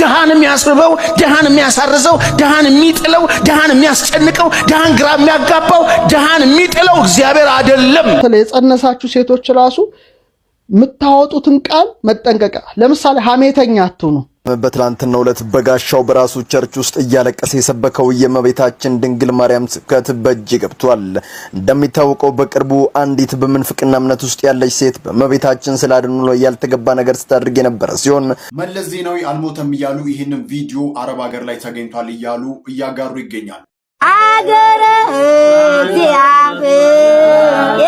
ድሃን የሚያስርበው፣ ድሃን የሚያሳርዘው፣ ድሃን የሚጥለው፣ ድሃን የሚያስጨንቀው፣ ድሃን ግራ የሚያጋባው፣ ድሃን የሚጥለው እግዚአብሔር አይደለም። የጸነሳችሁ ሴቶች ራሱ የምታወጡትን ቃል መጠንቀቅ። ለምሳሌ ሐሜተኛ አትሁኑ። በትላንትናው ዕለት በጋሻው በራሱ ቸርች ውስጥ እያለቀሰ የሰበከው የእመቤታችን ድንግል ማርያም ስብከት በእጅ ገብቷል። እንደሚታወቀው በቅርቡ አንዲት በምንፍቅና እምነት ውስጥ ያለች ሴት በእመቤታችን አድኑ ላይ ያልተገባ ነገር ስታደርግ የነበረ ሲሆን መለስ ዜናዊ አልሞተም እያሉ ይህንን ቪዲዮ አረብ ሀገር ላይ ተገኝቷል እያሉ እያጋሩ ይገኛል። አገረ እግዚአብሔር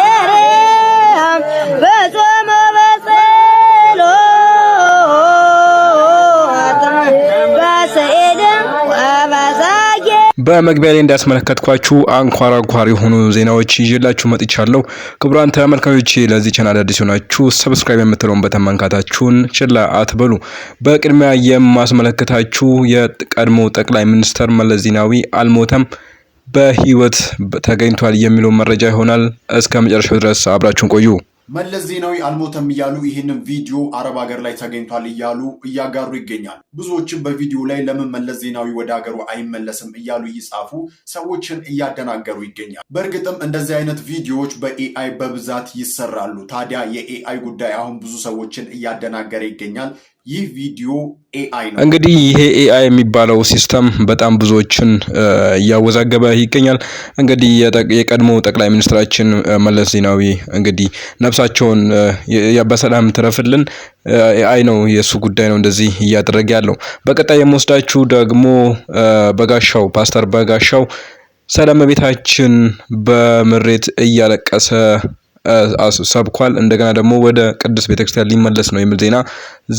በመግቢያ ላይ እንዳስመለከትኳችሁ አንኳር አንኳር የሆኑ ዜናዎች ይዤላችሁ መጥቻለሁ። ክቡራን ተመልካቾች ለዚህ ቻናል አዲስ ሆናችሁ ሰብስክራይብ የምትለውን በተን መንካታችሁን ችላ አትበሉ። በቅድሚያ የማስመለከታችሁ የቀድሞ ጠቅላይ ሚኒስትር መለስ ዜናዊ አልሞተም በህይወት ተገኝቷል የሚለው መረጃ ይሆናል። እስከ መጨረሻው ድረስ አብራችሁን ቆዩ። መለስ ዜናዊ አልሞተም እያሉ ይህንን ቪዲዮ አረብ ሀገር ላይ ተገኝቷል እያሉ እያጋሩ ይገኛል። ብዙዎችም በቪዲዮ ላይ ለምን መለስ ዜናዊ ወደ ሀገሩ አይመለስም እያሉ እየጻፉ ሰዎችን እያደናገሩ ይገኛል። በእርግጥም እንደዚህ አይነት ቪዲዮዎች በኤአይ በብዛት ይሰራሉ። ታዲያ የኤአይ ጉዳይ አሁን ብዙ ሰዎችን እያደናገረ ይገኛል። ይህ ቪዲዮ ኤአይ ነው። እንግዲህ ይሄ ኤአይ የሚባለው ሲስተም በጣም ብዙዎችን እያወዛገበ ይገኛል። እንግዲህ የቀድሞ ጠቅላይ ሚኒስትራችን መለስ ዜናዊ እንግዲህ ነፍሳቸውን በሰላም ትረፍልን። ኤአይ ነው የእሱ ጉዳይ ነው እንደዚህ እያደረገ ያለው። በቀጣይ የምወስዳችሁ ደግሞ በጋሻው ፓስተር በጋሻው ሰላም ቤታችን በምሬት እያለቀሰ ሰብኳል። እንደገና ደግሞ ወደ ቅዱስ ቤተክርስቲያን ሊመለስ ነው የሚል ዜና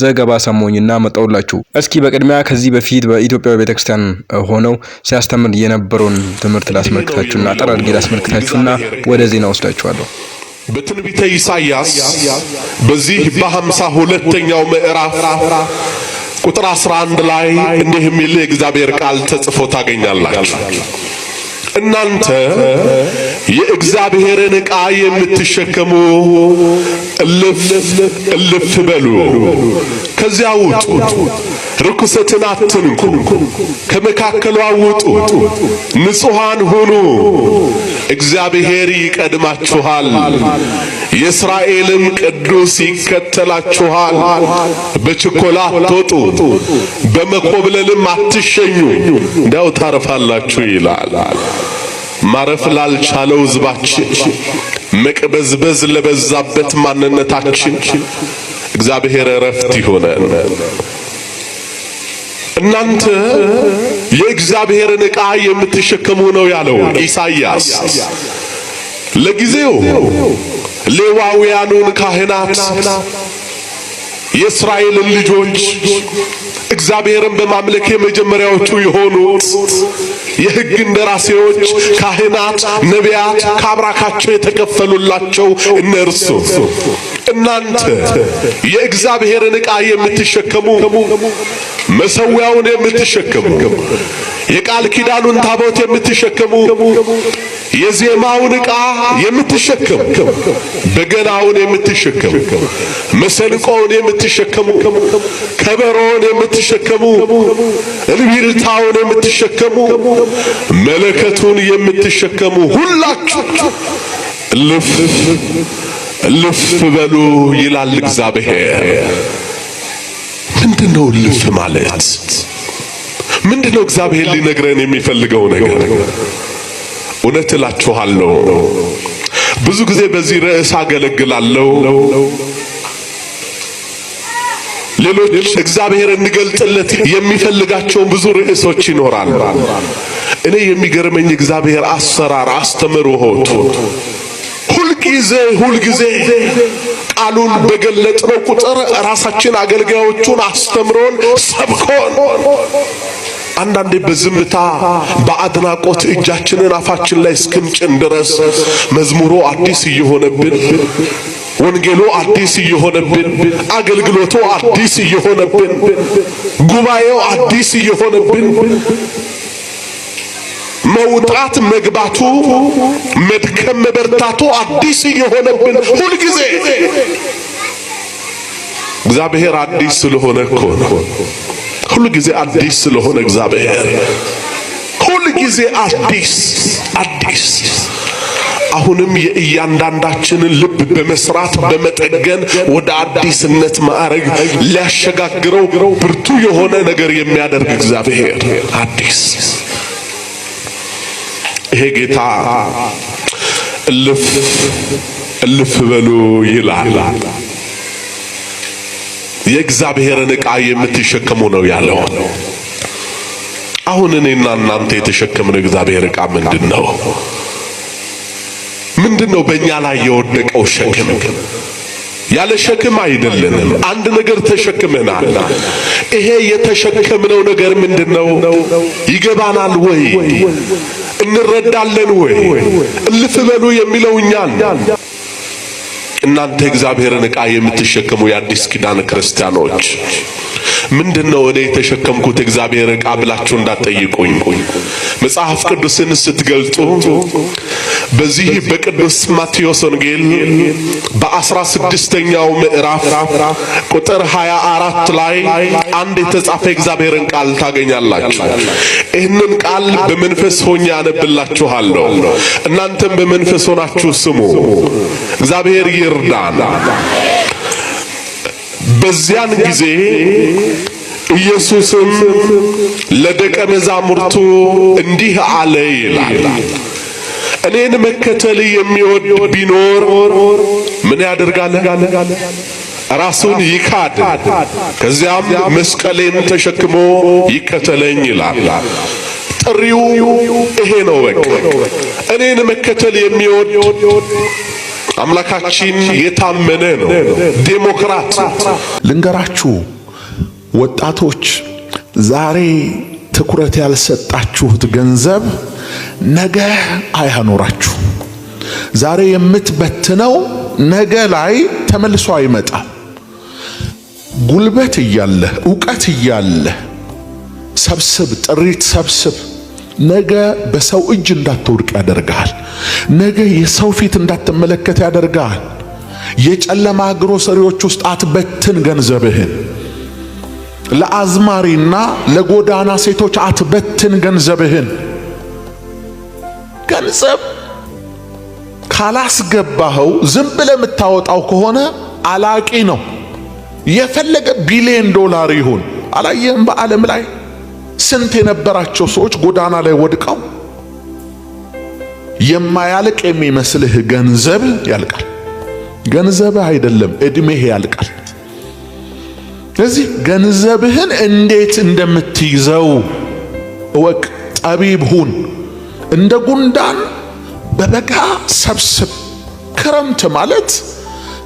ዘገባ ሰሞኝና መጣውላችሁ። እስኪ በቅድሚያ ከዚህ በፊት በኢትዮጵያ ቤተክርስቲያን ሆነው ሲያስተምር የነበረውን ትምህርት ላስመልክታችሁና አጠር አድርጌ ላስመልክታችሁና ወደ ዜና ወስዳችኋለሁ። በትንቢተ ኢሳይያስ በዚህ በሀምሳ ሁለተኛው ምዕራፍ ቁጥር 11 ላይ እንዲህ የሚል የእግዚአብሔር ቃል ተጽፎ ታገኛላችሁ። እናንተ የእግዚአብሔርን ዕቃ የምትሸከሙ እልፍ እልፍ በሉ፣ ከዚያ ውጡ፣ ርኩሰትን አትንኩ፣ ከመካከሏ ውጡ፣ ንጹሐን ሁኑ። እግዚአብሔር ይቀድማችኋል፣ የእስራኤልም ቅዱስ ይከተላችኋል። በችኮላ አትወጡ፣ በመኮብለልም አትሸኙ፣ እንዲያው ታረፋላችሁ ይላል። ማረፍ ላልቻለው ሕዝባችን መቅበዝበዝ ለበዛበት ማንነታችን እግዚአብሔር እረፍት ይሆነን። እናንተ የእግዚአብሔርን ዕቃ የምትሸከሙ ነው ያለው ኢሳይያስ። ለጊዜው ሌዋውያኑን ካህናት የእስራኤልን ልጆች እግዚአብሔርን በማምለክ የመጀመሪያዎቹ የሆኑት የሕግ እንደራሴዎች ካህናት፣ ነቢያት ከአብራካቸው የተከፈሉላቸው እነርሱ እናንተ የእግዚአብሔርን ዕቃ የምትሸከሙ መሠዊያውን የምትሸከሙ የቃል ኪዳኑን ታቦት የምትሸከሙ የዜማውን ዕቃ የምትሸከሙ በገናውን የምትሸከሙ መሰንቆውን የምትሸከሙ ከበሮውን የምትሸከሙ እልቢልታውን የምትሸከሙ መለከቱን የምትሸከሙ ሁላችሁ ልፍ ልፍ በሉ ይላል እግዚአብሔር። ምንድነው ልፍ ማለት? ምንድነው እግዚአብሔር ሊነግረን የሚፈልገው ነገር? እውነት እላችኋለሁ ብዙ ጊዜ በዚህ ርዕስ አገለግላለሁ። ሌሎች እግዚአብሔር እንገልጥለት የሚፈልጋቸውን ብዙ ርዕሶች ይኖራል። እኔ የሚገርመኝ እግዚአብሔር አሰራር አስተምህሮት ሁልጊዜ ሁልጊዜ ቃሉን በገለጥነው ቁጥር ራሳችን አገልጋዮቹን አስተምሮን ሰብኮን አንዳንዴ በዝምታ በአድናቆት እጃችንን አፋችን ላይ እስክንጭን ድረስ መዝሙሩ አዲስ እየሆነብን ወንጌሉ አዲስ እየሆነብን አገልግሎቱ አዲስ እየሆነብን ጉባኤው አዲስ እየሆነብን መውጣት መግባቱ መድከም መበርታቱ አዲስ እየሆነብን ሁልጊዜ እግዚአብሔር አዲስ ስለሆነ እኮ ነው። ሁል ጊዜ አዲስ ስለሆነ እግዚአብሔር ሁል ጊዜ አዲስ አዲስ አሁንም የእያንዳንዳችንን ልብ በመስራት በመጠገን ወደ አዲስነት ማዕረግ ሊያሸጋግረው ብርቱ የሆነ ነገር የሚያደርግ እግዚአብሔር አዲስ ይሄ ጌታ እልፍ እልፍ በሉ ይላል። የእግዚአብሔርን ዕቃ የምትሸከሙ ነው ያለው። አሁን እኔና እናንተ የተሸከምነው እግዚአብሔር ዕቃ ምንድን ነው? ምንድን ነው በእኛ ላይ የወደቀው ሸክም? ያለ ሸክም አይደለንም። አንድ ነገር ተሸክመናል። ይሄ የተሸከምነው ነገር ምንድነው? ይገባናል ወይ? እንረዳለን ወይ? እልፍ በሉ የሚለው እኛን እናንተ እግዚአብሔርን ዕቃ የምትሸከሙ የአዲስ ኪዳን ክርስቲያኖች ምንድነው እኔ የተሸከምኩት እግዚአብሔር ዕቃ ብላችሁ እንዳትጠይቁኝ። መጽሐፍ ቅዱስን ስትገልጡ በዚህ በቅዱስ ማቴዎስ ወንጌል በአስራ ስድስተኛው ምዕራፍ ቁጥር 24 ላይ አንድ የተጻፈ እግዚአብሔርን ቃል ታገኛላችሁ። ይህንን ቃል በመንፈስ ሆኜ አነብላችኋለሁ። እናንተም በመንፈስ ሆናችሁ ስሙ። እግዚአብሔር ይርዳል። በዚያን ጊዜ ኢየሱስም ለደቀ መዛሙርቱ እንዲህ አለ ይላል፣ እኔን መከተል የሚወድ ቢኖር ምን ያደርጋል? ራሱን ይካድ፣ ከዚያም መስቀሌን ተሸክሞ ይከተለኝ ይላል። ጥሪው ይሄ ነው። በቃ እኔን መከተል የሚወድ አምላካችን የታመነ ነው። ዴሞክራት ልንገራችሁ ወጣቶች፣ ዛሬ ትኩረት ያልሰጣችሁት ገንዘብ ነገ አያኖራችሁ። ዛሬ የምትበትነው ነገ ላይ ተመልሶ አይመጣም። ጉልበት እያለ እውቀት እያለ ሰብስብ፣ ጥሪት ሰብስብ ነገ በሰው እጅ እንዳትወድቅ ያደርግሃል። ነገ የሰው ፊት እንዳትመለከት ያደርግሃል። የጨለማ ግሮሰሪዎች ውስጥ አትበትን ገንዘብህን። ለአዝማሪና ለጎዳና ሴቶች አትበትን ገንዘብህን። ገንዘብ ካላስገባኸው ዝም ብለህ የምታወጣው ከሆነ አላቂ ነው። የፈለገ ቢሊዮን ዶላር ይሁን አላየህም በዓለም ላይ ስንት የነበራቸው ሰዎች ጎዳና ላይ ወድቀው የማያልቅ የሚመስልህ ገንዘብ ያልቃል። ገንዘብህ አይደለም እድሜህ ያልቃል። ስለዚህ ገንዘብህን እንዴት እንደምትይዘው እወቅ። ጠቢብ ሁን። እንደ ጉንዳን በበጋ ሰብስብ። ክረምት ማለት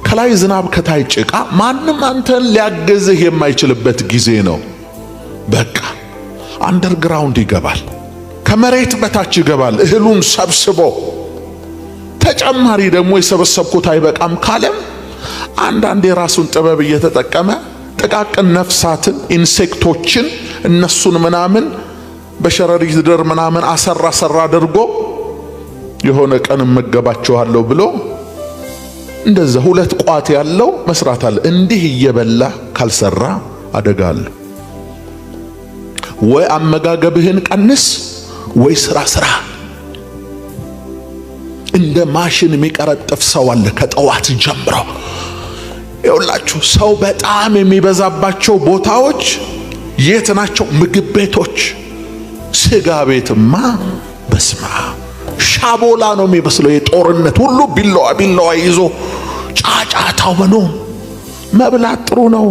ከላይ ዝናብ ከታይ ጭቃ፣ ማንም አንተን ሊያገዝህ የማይችልበት ጊዜ ነው። በቃ አንደርግራውንድ ይገባል፣ ከመሬት በታች ይገባል። እህሉን ሰብስቦ ተጨማሪ ደግሞ የሰበሰብኩት አይበቃም ካለም አንዳንድ የራሱን ጥበብ እየተጠቀመ ጥቃቅን ነፍሳትን ኢንሴክቶችን እነሱን ምናምን በሸረሪት ድር ምናምን አሰራ ሰራ አድርጎ የሆነ ቀን እመገባቸዋለሁ ብሎ እንደዛ ሁለት ቋት ያለው መስራት አለ። እንዲህ እየበላ ካልሰራ አደጋ አለሁ። ወይ አመጋገብህን ቀንስ፣ ወይ ስራ ስራ። እንደ ማሽን የሚቀረጥፍ ሰው አለ ከጠዋት ጀምሮ። ይኸውላችሁ ሰው በጣም የሚበዛባቸው ቦታዎች የት ናቸው? ምግብ ቤቶች፣ ስጋ ቤትማ በስማ ሻቦላ ነው የሚመስለው። የጦርነት ሁሉ ቢላዋ ቢላዋ ይዞ ጫጫታው ነው። መብላት ጥሩ ነው፣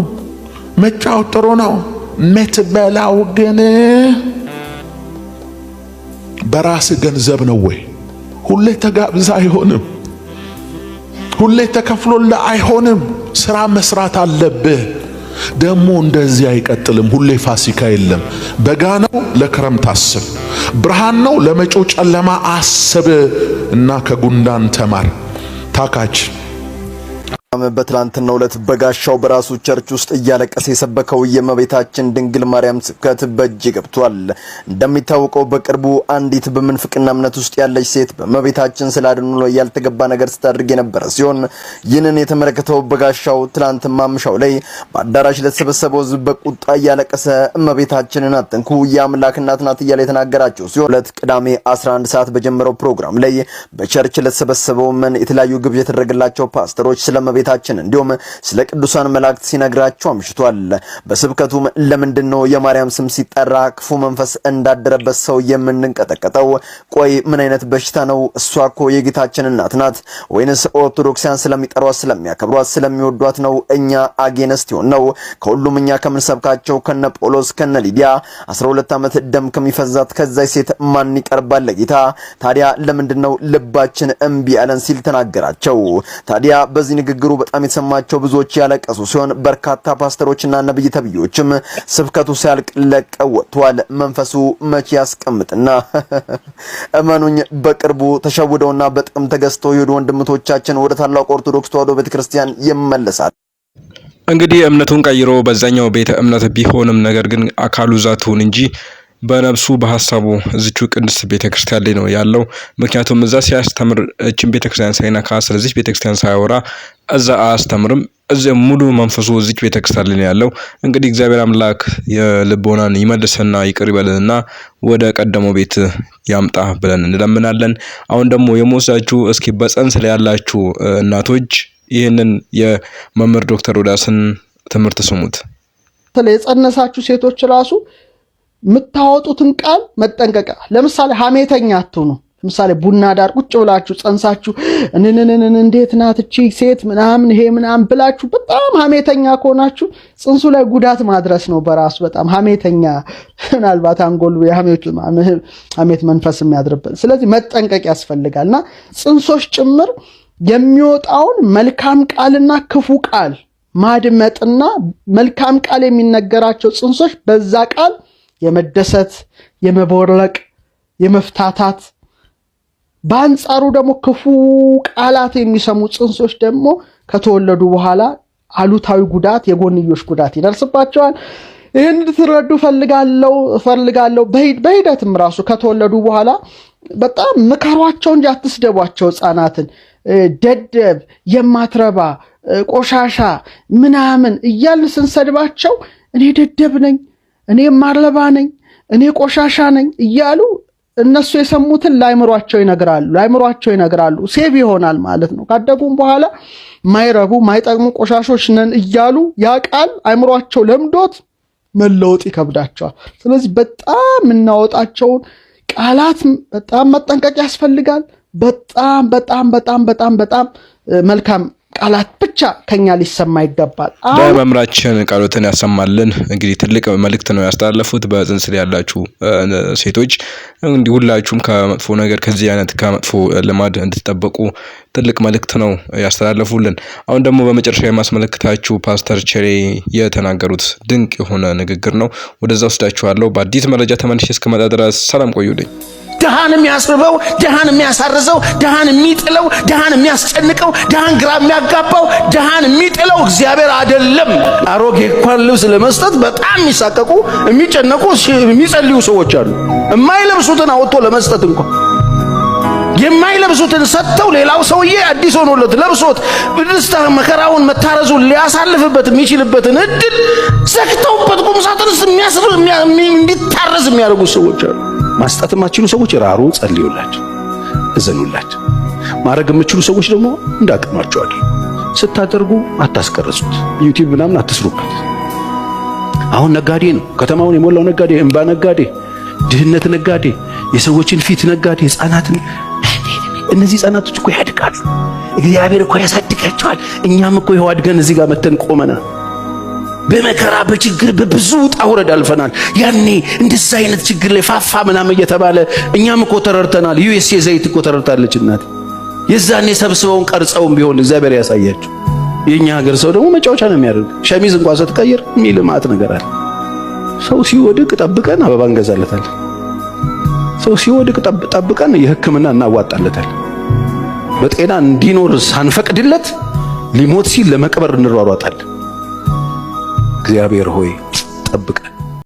መጫወት ጥሩ ነው። ምትበላው ግን በራስ ገንዘብ ነው ወይ? ሁሌ ተጋብዛ አይሆንም። ሁሌ ተከፍሎላ አይሆንም። ስራ መስራት አለብህ። ደግሞ እንደዚህ አይቀጥልም። ሁሌ ፋሲካ የለም። በጋ ነው፣ ለክረምት አስብ። ብርሃን ነው፣ ለመጪው ጨለማ አስብ እና ከጉንዳን ተማር ታካች በትላንትና ዕለት በጋሻው በራሱ ቸርች ውስጥ እያለቀሰ የሰበከው የእመቤታችን ድንግል ማርያም ስብከት በእጅ ገብቷል። እንደሚታወቀው በቅርቡ አንዲት በምንፍቅና እምነት ውስጥ ያለች ሴት በእመቤታችን ስላድኑ ላይ ያልተገባ ነገር ስታደርግ የነበረ ሲሆን ይህንን የተመለከተው በጋሻው ትላንት ማምሻው ላይ በአዳራሽ ለተሰበሰበው ሕዝብ በቁጣ እያለቀሰ እመቤታችንን አትንኩ የአምላክ እናት ናት እያለ የተናገራቸው ሲሆን ሁለት ቅዳሜ 11 ሰዓት በጀመረው ፕሮግራም ላይ በቸርች ለተሰበሰበው መን የተለያዩ ግብዣ የተደረገላቸው ፓስተሮች ስለ እመቤታችን እንዲሁም ስለ ቅዱሳን መላእክት ሲነግራቸው አምሽቷል። በስብከቱም ለምንድን ነው የማርያም ስም ሲጠራ ክፉ መንፈስ እንዳደረበት ሰው የምንንቀጠቀጠው? ቆይ ምን አይነት በሽታ ነው? እሷ እኮ የጌታችን እናት ናት። ወይንስ ኦርቶዶክሲያን ስለሚጠሯት፣ ስለሚያከብሯት፣ ስለሚወዷት ነው? እኛ አጌነስት ይሆን ነው? ከሁሉም እኛ ከምንሰብካቸው ከነ ጳውሎስ ከነ ሊዲያ 12 ዓመት ደም ከሚፈዛት ከዛች ሴት ማን ይቀርባል ለጌታ? ታዲያ ለምንድን ነው ልባችን እምቢ አለን ሲል ተናገራቸው። ታዲያ በዚህ ንግግር ችግሩ በጣም የተሰማቸው ብዙዎች ያለቀሱ ሲሆን በርካታ ፓስተሮችና ነብይ ተብዮችም ስብከቱ ሲያልቅ ለቀው መንፈሱ መቼ ያስቀምጥና እመኑኝ፣ በቅርቡ ተሸውደውና በጥቅም ተገዝተው የሄዱ ወንድምቶቻችን ወደ ታላቁ ኦርቶዶክስ ተዋሕዶ ቤተክርስቲያን ይመለሳል። እንግዲህ እምነቱን ቀይሮ በዛኛው ቤተ እምነት ቢሆንም ነገር ግን አካሉ ዛቱን እንጂ በነብሱ በሀሳቡ እዚቹ ቅድስት ቤተክርስቲያን ላይ ነው ያለው። ምክንያቱም እዛ ሲያስተምር እችን ቤተክርስቲያን ሳይነካ ስለዚች ቤተክርስቲያን ሳያወራ እዛ አያስተምርም። እዚ ሙሉ መንፈሱ እዚች ቤተክርስቲያን ላይ ነው ያለው። እንግዲህ እግዚአብሔር አምላክ የልቦናን ይመልስና ይቅር ይበልንና ወደ ቀደመው ቤት ያምጣ ብለን እንለምናለን። አሁን ደግሞ የመወሳችሁ እስኪ በፀንስ ላይ ያላችሁ እናቶች ይህንን የመምህር ዶክተር ወዳስን ትምህርት ስሙት። የጸነሳችሁ ሴቶች ራሱ የምታወጡትን ቃል መጠንቀቅ። ለምሳሌ ሐሜተኛ አትሆኑ። ለምሳሌ ቡና ዳር ቁጭ ብላችሁ ጸንሳችሁ እንንንን እንዴት ናት እቺ ሴት ምናምን ይሄ ምናምን ብላችሁ በጣም ሐሜተኛ ከሆናችሁ ጽንሱ ላይ ጉዳት ማድረስ ነው በራሱ በጣም ሐሜተኛ ምናልባት አንጎል ሐሜት መንፈስ የሚያድርበት ስለዚህ መጠንቀቅ ያስፈልጋል እና ጽንሶች ጭምር የሚወጣውን መልካም ቃልና ክፉ ቃል ማድመጥና መልካም ቃል የሚነገራቸው ጽንሶች በዛ ቃል የመደሰት፣ የመቦረቅ፣ የመፍታታት በአንጻሩ ደግሞ ክፉ ቃላት የሚሰሙ ጽንሶች ደግሞ ከተወለዱ በኋላ አሉታዊ ጉዳት፣ የጎንዮሽ ጉዳት ይደርስባቸዋል። ይህን እንድትረዱ ፈልጋለው ፈልጋለው። በሂደትም ራሱ ከተወለዱ በኋላ በጣም ምከሯቸው እንጂ አትስደቧቸው። ህፃናትን ደደብ፣ የማትረባ፣ ቆሻሻ ምናምን እያልን ስንሰድባቸው እኔ ደደብ ነኝ እኔ ማርለባ ነኝ፣ እኔ ቆሻሻ ነኝ እያሉ እነሱ የሰሙትን ላይምሯቸው ይነግራሉ ላይምሯቸው ይነግራሉ። ሴቭ ይሆናል ማለት ነው። ካደጉም በኋላ ማይረቡ ማይጠቅሙ ቆሻሾች ነን እያሉ ያ ቃል አይምሯቸው ለምዶት መለወጥ ይከብዳቸዋል። ስለዚህ በጣም የምናወጣቸውን ቃላት በጣም መጠንቀቅ ያስፈልጋል። በጣም በጣም በጣም በጣም በጣም መልካም ቃላት ብቻ ከኛ ሊሰማ ይገባል። መምራችን ቃሎትን ያሰማልን። እንግዲህ ትልቅ መልእክት ነው ያስተላለፉት። በጽንስ ላይ ያላችሁ ሴቶች እንዲህ ሁላችሁም ከመጥፎ ነገር ከዚህ አይነት ከመጥፎ ልማድ እንድትጠበቁ ትልቅ መልእክት ነው ያስተላለፉልን። አሁን ደግሞ በመጨረሻ የማስመለክታችሁ ፓስተር ቸሬ የተናገሩት ድንቅ የሆነ ንግግር ነው። ወደዛ ወስዳችኋለሁ። በአዲስ መረጃ ተመልሼ እስከመጣ ድረስ ሰላም ቆዩልኝ። ድሃን የሚያስርበው፣ ድሃን የሚያሳርዘው፣ ድሃን የሚጥለው፣ ድሃን የሚያስጨንቀው፣ ድሃን ግራ የሚያጋባው፣ ድሃን የሚጥለው እግዚአብሔር አይደለም። አሮጌ እንኳን ልብስ ለመስጠት በጣም የሚሳቀቁ የሚጨነቁ፣ የሚጸልዩ ሰዎች አሉ። የማይለብሱትን አውጥቶ ለመስጠት እንኳን የማይለብሱትን ሰጥተው ሌላው ሰውዬ አዲስ ሆኖለት ለብሶት ብድስታ መከራውን መታረዙን ሊያሳልፍበት የሚችልበትን እድል ዘግተውበት ቁምሳጥንስ የሚያስር እንዲታረዝ የሚያደርጉ ሰዎች አሉ። ማስጣት የማትችሉ ሰዎች ራሩ፣ ጸልዩላቸው፣ እዘኑላቸው። ማድረግ የምትችሉ ሰዎች ደግሞ እንዳቅማችሁ አድርጉ። ስታደርጉ አታስቀረጹት ዩቲዩብ ምናምን አትስሩበት። አሁን ነጋዴ ነው ከተማውን የሞላው ነጋዴ፣ እንባ ነጋዴ፣ ድህነት ነጋዴ፣ የሰዎችን ፊት ነጋዴ፣ ህፃናትን እነዚህ ህፃናቶች እኮ ያድጋሉ። እግዚአብሔር እኮ ያሳድጋቸዋል። እኛም እኮ ይኸው አድገን እዚህ ጋር መተን ቆመናል። በመከራ በችግር በብዙ ውጣ ውረድ አልፈናል። ያኔ እንደዛ አይነት ችግር ላይ ፋፋ ምናምን እየተባለ እኛም እኮ ተረድተናል። ዩኤስኤ ዘይት እኮ ተረድታለች እናት። የዛኔ ሰብስበውን ቀርጸውን ቢሆን እግዚአብሔር ያሳያቸው። የእኛ ሀገር ሰው ደግሞ መጫወቻ ነው የሚያደርግ። ሸሚዝ እንኳን ስትቀይር የሚል ማት ነገር አለ። ሰው ሲወድቅ ጠብቀን አበባ እንገዛለታለን። ሰው ሲወድቅ ጠብቀን የሕክምና እናዋጣለታለን። በጤና እንዲኖር ሳንፈቅድለት ሊሞት ሲል ለመቅበር እንሯሯጣለን። እግዚአብሔር ሆይ ጠብቀን